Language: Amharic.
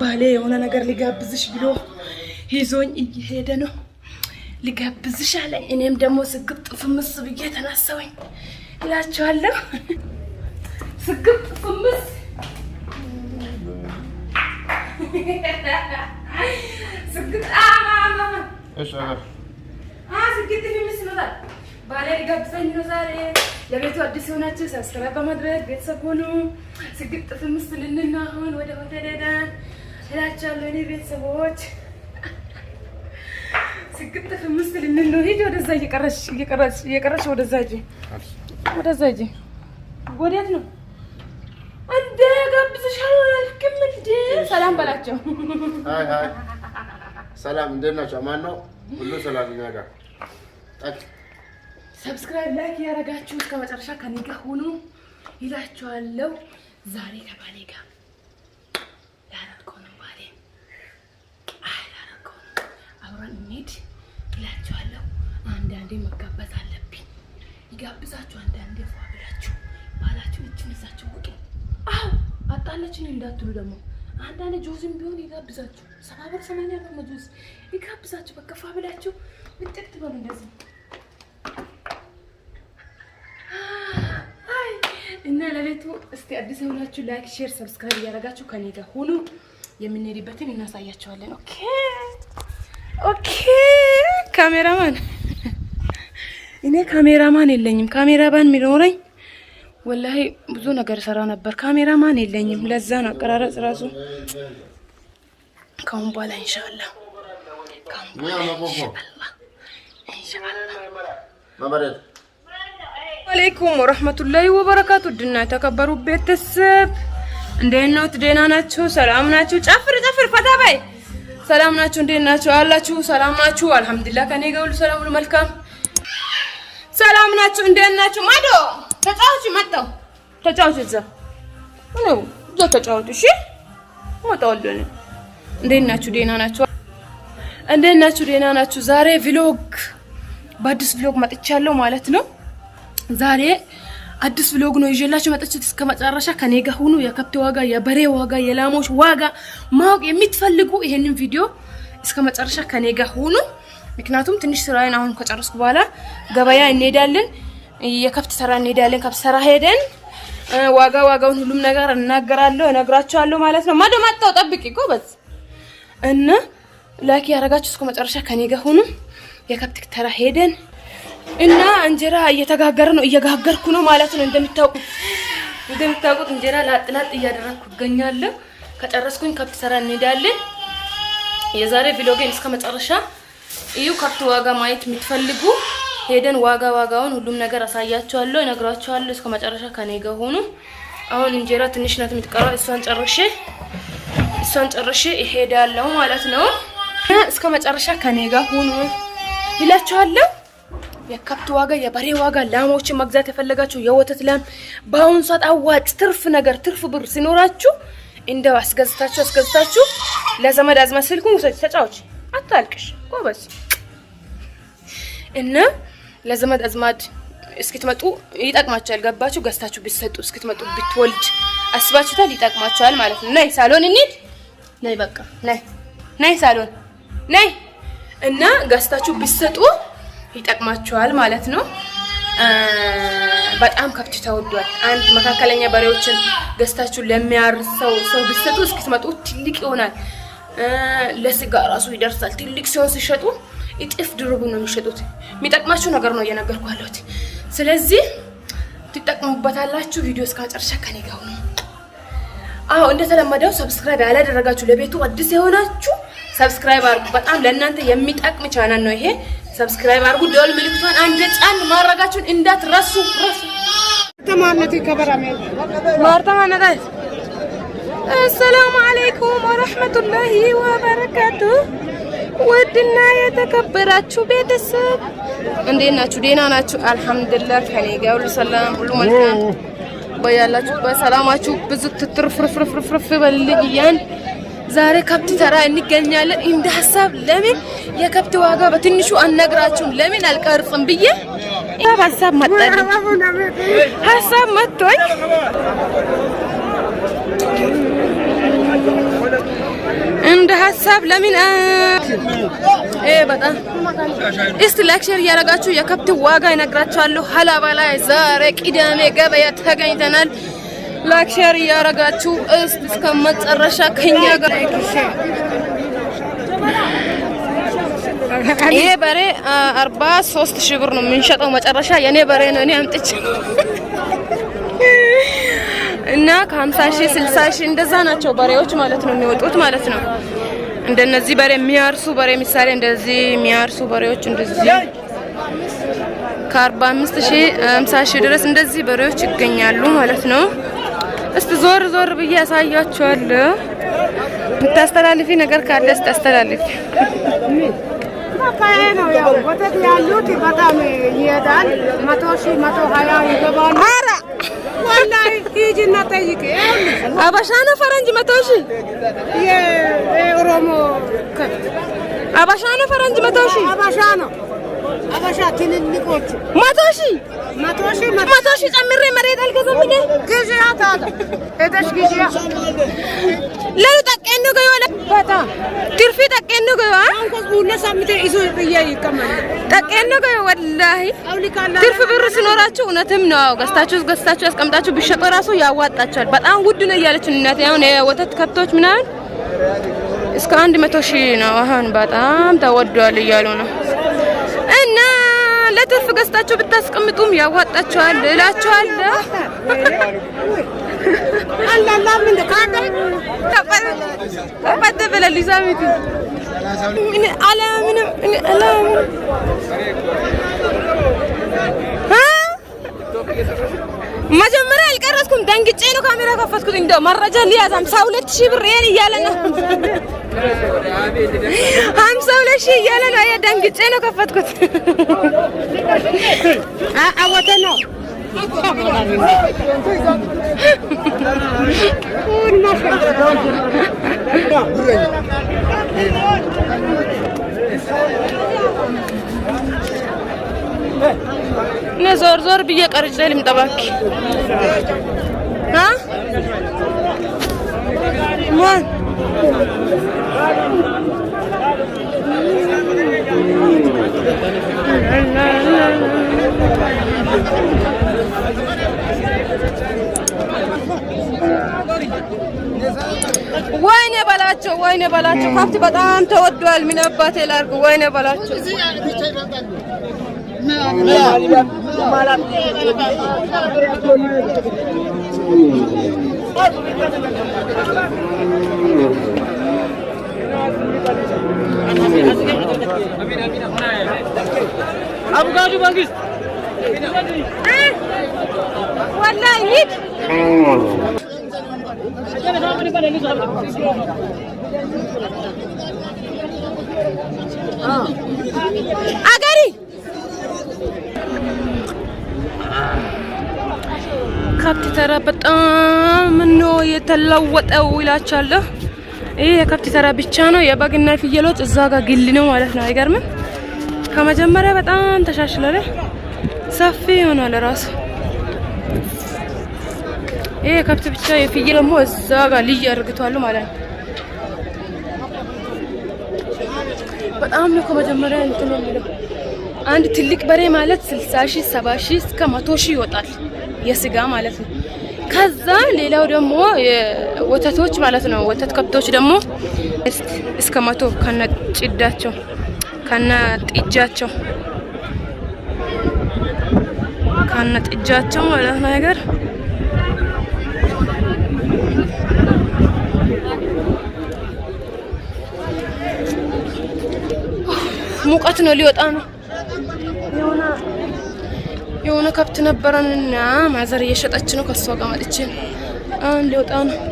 ባሌ የሆነ ነገር ሊጋብዝሽ ብሎ ይዞኝ እየሄደ ነው። ሊጋብዝሽ አለኝ። እኔም ደግሞ ስግብ ፍምስ ብዬ ተናሰወኝ እላቸዋለሁ። ስግብጥ ፍምስ ባሌ ሊጋብዘኝ ነው ዛሬ። ለቤቱ አዲስ የሆናችሁ ሰብስክራይብ በማድረግ ቤተሰብ ፍምስ ልንና አሁን ወደ ሆቴል ሄደን እላቸዋለሁ። እኔ ቤተሰቦች ስግጥፍ ምስል ልንል ነው። ሂጂ ወደዛ፣ እየቀረች ወደዛ ሂጂ፣ ወደዛ ሂጂ። ወዴት ነው እንደ ጋብዝሻለሁ አላልክም እንዴ? ሰላም በላቸው። ሰላም እንዴት ናቸው? ማን ነው? ሁሉ ሰላም እኛ ጋር። ሰብስክራይብ ላይክ ያደረጋችሁ እስከ መጨረሻ ከኔ ጋር ሁኑ ይላችኋለሁ። ዛሬ ከባሌ ጋር አብረን እንሂድ እላችኋለሁ። አንዳንዴ መጋበዝ አለብኝ። ይጋብዛችሁ አንዳንዴ ፏ ብላችሁ ባላችሁ እችን ይዛችሁ ውጡ። አዎ አጣለችን እንዳትሉ ደግሞ አንዳንድ ጆዝም ቢሆን ይጋብዛችሁ። ሰባ ብር ሰማንያ ብር መጆዝ ይጋብዛችሁ። በቃ ፏ ብላችሁ ምጥጥ በሉ እንደዚህ እና ለቤቱ እስቲ አዲስ የሆናችሁ ላይክ፣ ሼር፣ ሰብስክራይብ እያደረጋችሁ ከኔ ጋር ሁኑ። የምንሄድበትን እናሳያቸዋለን። ኦኬ ኦኬ ካሜራማን እኔ ካሜራማን የለኝም። ካሜራማን የሚኖረኝ ወላሂ ብዙ ነገር ሰራ ነበር። ካሜራማን የለኝም። ለዛ ነው አቀራረጽ ራሱ ካሁን በኋላ ኢንሻአላ ካሁን በኋላ ኢንሻአላ አለይኩም ወራህመቱላሂ ወበረካቱ። ድና የተከበሩ ቤተሰብ እንዴት ነው? ደህና ናችሁ? ሰላም ናችሁ? ጨፍር ጨፍር ፈታ በይ ሰላም ናችሁ? እንዴት ናችሁ? አላችሁ? ሰላም ናችሁ? አልሐምዱሊላህ ከኔ ጋር ሁሉ ሰላም፣ ሁሉ መልካም። ሰላም ናችሁ? እንዴት ናችሁ? ማዶ ተጫውች መጣው ተጫውች እዛ ነው እዛ ተጫውች። እሺ ሞጣውልን እንዴት ናችሁ? ደህና ናችሁ? እንዴት ናችሁ? ደህና ናችሁ? ዛሬ ቪሎግ በአዲስ ቪሎግ መጥቻለሁ ማለት ነው ዛሬ አዲስ ብሎግ ነው ይዤላችሁ መጥቼት እስከ መጨረሻ ከኔ ጋር ሁኑ። የከብት ዋጋ፣ የበሬ ዋጋ፣ የላሞች ዋጋ ማወቅ የምትፈልጉ ይሄንን ቪዲዮ እስከ መጨረሻ ከኔ ጋር ሁኑ። ምክንያቱም ትንሽ ስራዬን አሁን ከጨረስኩ በኋላ ገበያ እንሄዳለን፣ የከብት ሰራ እንሄዳለን። ከብት ሰራ ሄደን ዋጋ ዋጋውን ሁሉም ነገር እናገራለሁ እነግራችኋለሁ ማለት ነው። ማዶ ማጣው ጠብቂ ጎበዝ እና ላኪ ያረጋችሁ እስከ መጨረሻ ከኔ ጋር ሁኑ። የከብት ተራ ሄደን እና እንጀራ እየተጋገረ ነው፣ እየጋገርኩ ነው ማለት ነው። እንደምታውቁ እንደምታውቁት እንጀራ ላጥ ላጥ እያደረግኩ እገኛለሁ። ከጨረስኩኝ ከብት ሰራ እንሄዳለን። የዛሬ ቪሎጌን እስከ መጨረሻ እዩ። ከብት ዋጋ ማየት የምትፈልጉ ሄደን ዋጋ ዋጋውን ሁሉም ነገር አሳያችኋለሁ፣ እነግራችኋለሁ። እስከ መጨረሻ ከኔ ጋር ሆኑ። አሁን እንጀራ ትንሽ ናት የምትቀረው። እሷን ጨርሼ እሷን ጨርሼ እሄዳለሁ ማለት ነው። እስከ መጨረሻ ከኔ ጋር ሆኑ ይላችኋለሁ። የከብት ዋጋ፣ የበሬ ዋጋ፣ ላሞችን መግዛት የፈለጋችሁ የወተት ላም በአሁኑ ሰዓት አዋጭ ትርፍ ነገር ትርፍ ብር ሲኖራችሁ እንደው አስገዝታችሁ አስገዝታችሁ ለዘመድ አዝማድ ስልኩን ውሰድ፣ ተጫዎች፣ አታልቅሽ ጎበዝ እና ለዘመድ አዝማድ እስክትመጡ ይጠቅማችኋል። ገባችሁ ገዝታችሁ ብትሰጡ እስክትመጡ ብትወልድ አስባችሁታል፣ ይጠቅማችኋል ማለት ነው። ነይ ሳሎን እንሂድ፣ ነይ በቃ ነይ፣ ነይ ሳሎን ነይ እና ገዝታችሁ ብትሰጡ ይጠቅማቸዋል ማለት ነው። በጣም ከብት ተወዷል። አንድ መካከለኛ በሬዎችን ገዝታችሁ ለሚያርሰው ሰው ብትሰጡ እስክትመጡ ትልቅ ይሆናል። ለስጋ ራሱ ይደርሳል። ትልቅ ሲሆን ሲሸጡ እጥፍ ድርቡ ነው የሚሸጡት። የሚጠቅማችሁ ነገር ነው እየነገርኩ ያለሁት። ስለዚህ ትጠቅሙበታላችሁ። ቪዲዮ እስከ መጨረሻ ከኔ ጋር አዎ እንደተለመደው ሰብስክራይብ ያላደረጋችሁ ለቤቱ አዲስ የሆናችሁ ሰብስክራይብ አድርጉ። በጣም ለእናንተ የሚጠቅም ቻናል ነው ይሄ። ሰብስክራይብ አድርጉ፣ ደወል ምልክቷን አንድ ጫን ማድረጋችሁን እንዳትረሱ። ረሱ አሰላሙ አለይኩም ወራህመቱላሂ ወበረካቱ። ውድና የተከበራችሁ ቤተሰብ እንዴት ናችሁ? ደህና ናችሁ? አልሐምዱሊላህ ከኔ ጋር ሁሉ ሰላም፣ ሁሉ መልካም። በያላችሁ በሰላማችሁ ብዙ ትትርፍርፍርፍርፍ በልልኝ እያን ዛሬ ከብት ተራ እንገኛለን። እንደ ሀሳብ ለምን የከብት ዋጋ በትንሹ አነግራችሁም ለምን አልቀርጽም ብዬ ሀሳብ መጣኝ። ሀሳብ መጥቶኝ እንደ ሀሳብ ለምን እ በጣም እስቲ ሌክቸር እያደረጋችሁ የከብት ዋጋ ይነግራችኋለሁ። ሀላባ ላይ ዛሬ ቅዳሜ ገበያ ተገኝተናል። ላይክ ሼር እያደረጋችሁ እስቲ እስከ መጨረሻ ከኛ ጋር ይሄ በሬ አርባ ሶስት ሺህ ብር ነው የምንሸጠው። መጨረሻ የኔ በሬ ነው እኔ አምጥቼ እና ከሀምሳ ሺህ ስልሳ ሺህ እንደዛ ናቸው በሬዎች ማለት ነው የሚወጡት ማለት ነው። እንደነዚህ በሬ የሚያርሱ በሬ ምሳሌ እንደዚህ የሚያርሱ በሬዎች እንደዚህ ከአርባ አምስት ሺህ ሀምሳ ሺህ ድረስ እንደዚህ በሬዎች ይገኛሉ ማለት ነው። እስቲ ዞር ዞር ብዬ ያሳያችኋለሁ። የምታስተላልፊ ነገር ካለ ስታስተላልፊ ወተት ያሉት በጣም ይሄዳል። መቶ ሺህ መቶ ሀያ ይገባሉ። ጠይቅ። አበሻ ነው ፈረንጅ? መቶ ሺህ የኦሮሞ ከብት አበሻ ነው ፈረንጅ? መቶ ሺህ አበሻ ነው የሀበሻ ትልልቆቹ መቶ ሺህ መቶ ሺህ ጨምሬ መሬት አልገዛም። ትርፍ ብር ሲኖራችሁ እውነትም ነው ገዝታችሁ ገዝታችሁ ያስቀምጣችሁ ቢሸጡ ራሱ ያዋጣችኋል። በጣም ውድ ነው እያለች እናቴ። አሁን የወተት ከብቶች ምናምን እስከ አንድ መቶ ሺህ ነው። አሁን በጣም ተወዷል እያሉ ነው እና ትርፍ ገዝታችሁ ብታስቀምጡም ያዋጣችኋል እላችኋለሁ። መጀመሪያ አልቀረስኩም፣ ደንግጬ ነው ካሜራ ከፈትኩት። እንደው መረጃ ሊያዛም ሰው ሁለት ሺህ ብር እያለ ነው ሀምሳ ሁለት ሺህ እያለ ነው። ደንግጬ ነው ከፈትኩት። አወተ ነው እኔ ዞር ዞር ብዬ ቀርጬ ልምጣ እባክህ እ ወይኔ በላቸው ወይኔ በላቸው ከብት በጣም ተወዷል። ምን አባቴ ላድርግ? ወይኔ በላቸው አቡጋዱ መንግስት ወላሂ ሂድ አገሪ ከብት ተራ በጣም ነው የተለወጠው ይላችኋለሁ። ይሄ የከብት ተራ ብቻ ነው። የበግና ፍየል ወጥ እዛ ጋር ግል ነው ማለት ነው። አይገርምም? ከመጀመሪያ በጣም ተሻሽሏል። ሰፊ ሆኗል ራሱ። ይሄ የከብት ብቻ የፍየል ደግሞ እዛ ጋር ልዩ አድርግቷል ማለት ነው። በጣም ነው ከመጀመሪያ እንትን የሚለው አንድ ትልቅ በሬ ማለት 60 ሺህ 70 ሺህ እስከ መቶ ሺህ ይወጣል የስጋ ማለት ነው። ከዛ ሌላው ደግሞ ወተቶች ማለት ነው። ወተት ከብቶች ደግሞ እስከ መቶ ከነ ጭዳቸው ከነ ጥጃቸው ከነ ጥጃቸው ማለት ነገር ሙቀት ነው፣ ሊወጣ ነው። የሆነ ከብት ነበረንና ማዘር እየሸጠች ነው። ከሷ ጋር መጥቼ አንድ ሊወጣ ነው።